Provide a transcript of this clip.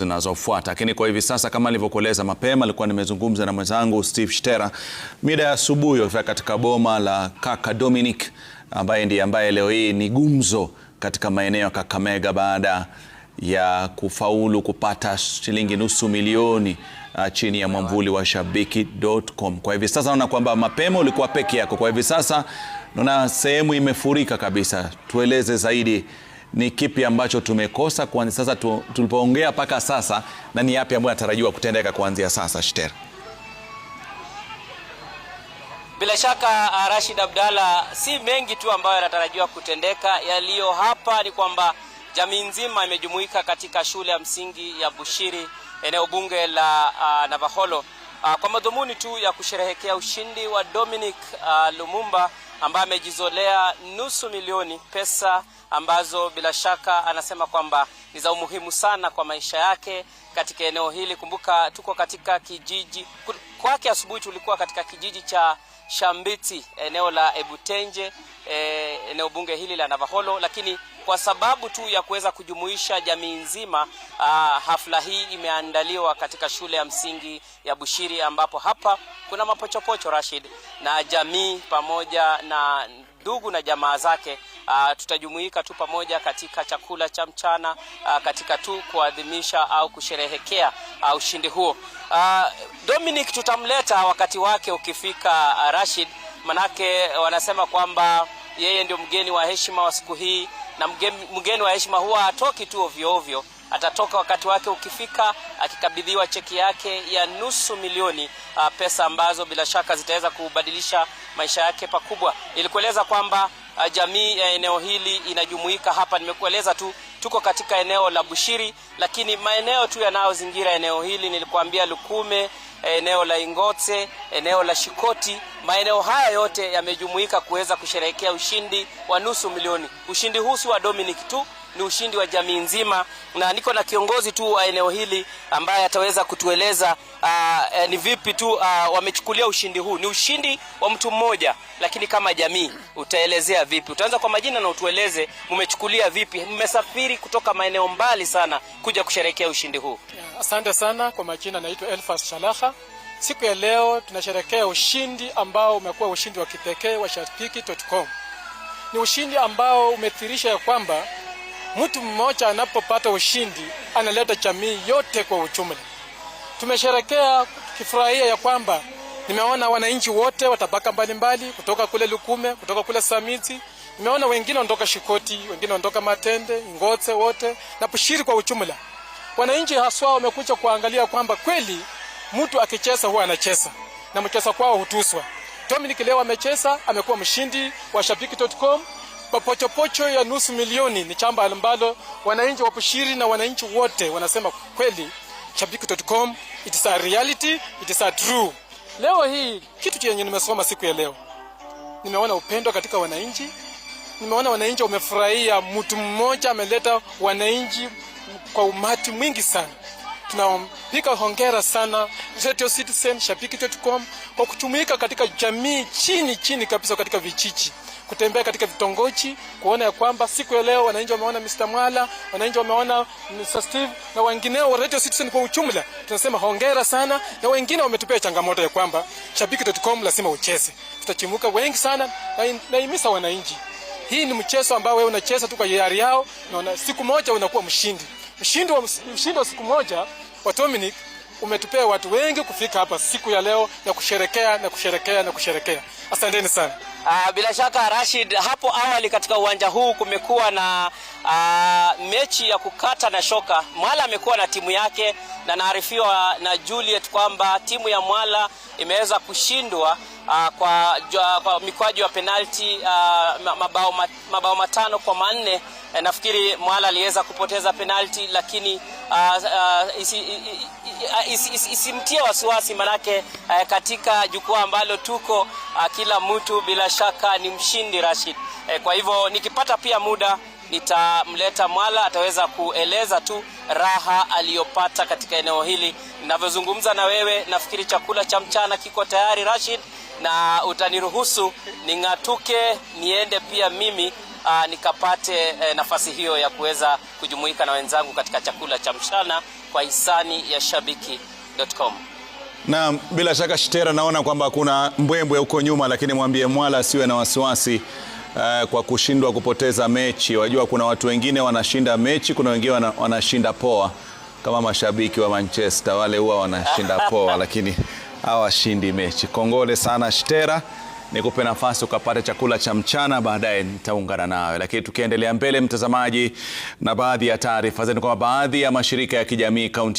zinazofuata. Lakini kwa hivi sasa, kama nilivyokueleza mapema, alikuwa nimezungumza na mwenzangu Steve Shtera mida ya asubuhi ofia katika boma la kaka Dominic ambaye ndiye ambaye leo hii ni gumzo katika maeneo ya Kakamega baada ya kufaulu kupata shilingi nusu milioni uh, chini ya mwamvuli wa Shabiki.com. Kwa hivi sasa naona kwamba mapema ulikuwa peke yako, kwa hivi sasa naona sehemu imefurika kabisa. Tueleze zaidi ni kipi ambacho tumekosa kuanzia sasa tu, tulipoongea mpaka sasa na ni yapi ambayo yanatarajiwa kutendeka kuanzia sasa shter Bila shaka uh, Rashid Abdalla, si mengi tu ambayo yanatarajiwa kutendeka. Yaliyo hapa ni kwamba jamii nzima imejumuika katika shule ya msingi ya Bushiri eneo bunge la uh, Navaholo uh, kwa madhumuni tu ya kusherehekea ushindi wa Dominic uh, Lumumba ambaye amejizolea nusu milioni pesa ambazo bila shaka anasema kwamba ni za umuhimu sana kwa maisha yake katika eneo hili. Kumbuka tuko katika kijiji kwake asubuhi tulikuwa katika kijiji cha Shambiti eneo la Ebutenje e, eneo bunge hili la Navaholo, lakini kwa sababu tu ya kuweza kujumuisha jamii nzima, aa, ah, hafla hii imeandaliwa katika shule ya msingi ya Bushiri, ambapo hapa kuna mapochopocho Rashid, na jamii pamoja na ndugu na jamaa zake Uh, tutajumuika tu pamoja katika chakula cha mchana uh, katika tu kuadhimisha au kusherehekea uh, ushindi huo. Uh, Dominic tutamleta wakati wake ukifika, uh, Rashid, manake wanasema kwamba yeye ndio mgeni wa heshima wa siku hii, na mgeni wa heshima huwa hatoki tu ovyo ovyo atatoka wakati wake ukifika, akikabidhiwa cheki yake ya nusu milioni a, pesa ambazo bila shaka zitaweza kubadilisha maisha yake pakubwa. Ilikueleza kwamba Ah, jamii ya eneo hili inajumuika hapa. Nimekueleza tu tuko katika eneo la Bushiri, lakini maeneo tu yanayozingira eneo hili nilikuambia Lukume, eneo la Ingote, eneo la Shikoti. Maeneo haya yote yamejumuika kuweza kusherehekea ushindi wa nusu milioni. Ushindi huu si wa Dominic tu ni ushindi wa jamii nzima, na niko na kiongozi tu wa eneo hili ambaye ataweza kutueleza uh, eh, ni vipi tu uh, wamechukulia ushindi huu. Ni ushindi wa mtu mmoja, lakini kama jamii utaelezea vipi? Utaanza kwa majina na utueleze mmechukulia vipi, mmesafiri kutoka maeneo mbali sana kuja kusherehekea ushindi huu. Asante sana. Kwa majina naitwa Elfas Shalaha. Siku ya leo tunasherekea ushindi ambao umekuwa ushindi wa kipekee wa Shabiki.com. Ni ushindi ambao umethirisha ya kwamba Mtu mmoja anapopata ushindi analeta jamii yote kwa ujumla. Tumesherekea kifurahia ya kwamba nimeona wananchi wote wa tabaka mbalimbali kutoka kule Lukume, kutoka kule Samizi, nimeona wengine wanatoka Shikoti, wengine wanatoka Matende, Ngotse, wote na Pushiri kwa ujumla. Wananchi haswa wamekuja kuangalia kwamba kweli mtu akicheza huwa anacheza na mcheza kwao hutuswa. Dominic leo amecheza, amekuwa mshindi wa shabiki.com. Mapochopocho ya nusu milioni ni chamba ambalo wananchi wapushiri na wananchi wote wanasema kweli, Shabiki.com it is a reality, it is a true. Leo hii kitu chenye nimesoma siku ya leo, nimeona upendo katika wananchi, nimeona wananchi wamefurahia, mtu mmoja ameleta wananchi kwa umati mwingi sana tunampika hongera sana Mseto Citizen shabiki kwa kutumika katika jamii chini chini kabisa, katika vichichi, kutembea katika vitongoji, kuona ya kwamba siku ya leo wananchi wameona Mr. Mwala, wananchi wameona Mr. Steve na wengineo wa Radio Citizen kwa ujumla, tunasema hongera sana, na wengine wametupea changamoto ya kwamba shabiki lazima ucheze, tutachimuka wengi sana na, na imisa wananchi hii ni mchezo ambao wewe unacheza tu kwa hiari yao, na siku moja unakuwa mshindi. Mshindi wa mshindi wa siku moja wa Dominic umetupea watu wengi kufika hapa siku ya leo na kusherekea na kusherekea na kusherekea. Asanteni sana. Aa, ah, bila shaka Rashid, hapo awali katika uwanja huu kumekuwa na Uh, mechi ya kukata na shoka. Mwala amekuwa na timu yake na naarifiwa na Juliet kwamba timu ya Mwala imeweza kushindwa uh, kwa, kwa mikwaji wa penalti ah, mabao, mabao matano kwa manne. E, nafikiri Mwala aliweza kupoteza penalti lakini uh, uh, isi, isi, isi, isimtie wasiwasi manake uh, katika jukwaa ambalo tuko uh, kila mtu bila shaka ni mshindi Rashid. E, kwa hivyo nikipata pia muda nitamleta Mwala, ataweza kueleza tu raha aliyopata katika eneo hili. Ninavyozungumza na wewe, nafikiri chakula cha mchana kiko tayari Rashid, na utaniruhusu ning'atuke niende pia mimi Aa, nikapate e, nafasi hiyo ya kuweza kujumuika na wenzangu katika chakula cha mchana kwa hisani ya shabiki.com. Naam, bila shaka Shitera, naona kwamba kuna mbwembwe huko nyuma, lakini mwambie Mwala asiwe na wasiwasi eh, kwa kushindwa kupoteza mechi. Wajua kuna watu wengine wanashinda mechi, kuna wengine wana, wanashinda poa kama mashabiki wa Manchester wale huwa wanashinda poa lakini hawashindi mechi. Kongole sana Shtera, nikupe nafasi ukapata chakula cha mchana, baadaye nitaungana nawe. Lakini tukiendelea mbele, mtazamaji, na baadhi ya taarifa zetu, kwa baadhi ya mashirika ya kijamii kaunti